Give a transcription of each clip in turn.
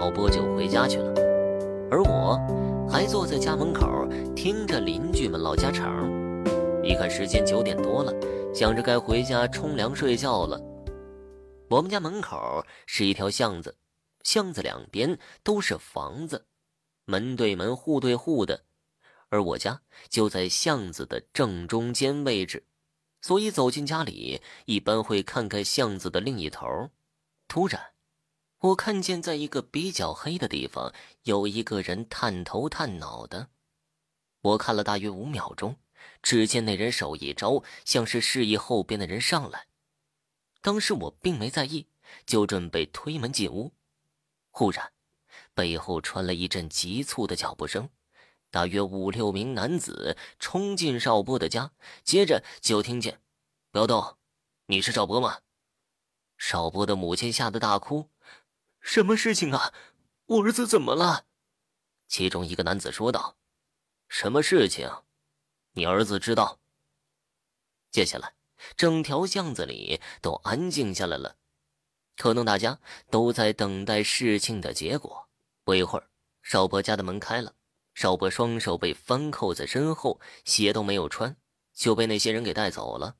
老伯就回家去了，而我，還坐在家門口聽着鄰居們嘮家常。一看時間九點多了，想着該回家沖涼睡覺了。我們家門口是一條巷子，巷子兩邊都是房子，門對門，戶對戶的。而我家就在巷子的正中間位置，所以走進家裡一般會看看巷子的另一頭。突然。我看見，在一個比較黑的地方，有一個人探頭探腦的。我看了大約五秒鐘，只見那人手一招，像是示意後邊的人上來。當時我並沒在意，就準備推門進屋。忽然，背後傳來一陣急促的腳步聲，大約五六名男子衝進邵波的家，接着就聽見：“不要動，你是邵波嗎？”邵波的母親嚇得大哭。什麼事情啊？我兒子怎麼了？其中一個男子說道：“什麼事情？你兒子知道。”接下來，整條巷子裡都安靜下來了，可能大家都在等待事情的結果。不一會兒，少伯家的門開了，少伯雙手被翻扣在身後，鞋都沒有穿，就被那些人給帶走了。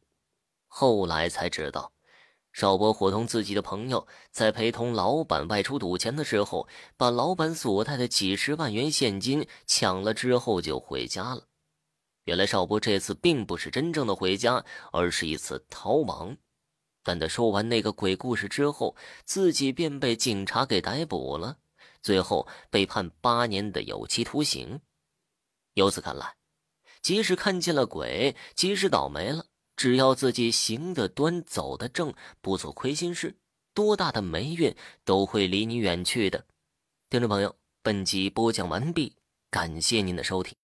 後來才知道。邵博夥同自己的朋友，在陪同老闆外出賭錢的時候，把老闆所帶的幾十萬元現金搶了之後就回家了。原來邵博這次並不是真正的回家，而是一次逃亡。但他說完那個鬼故事之後，自己便被警察給逮捕了，最後被判八年的有期徒刑。由此看來，即使看見了鬼，即使倒霉了。只要自己行得端、走得正，不做虧心事，多大的霉運都會離你遠去的。聽眾朋友，本集播講完畢，感謝您的收聽。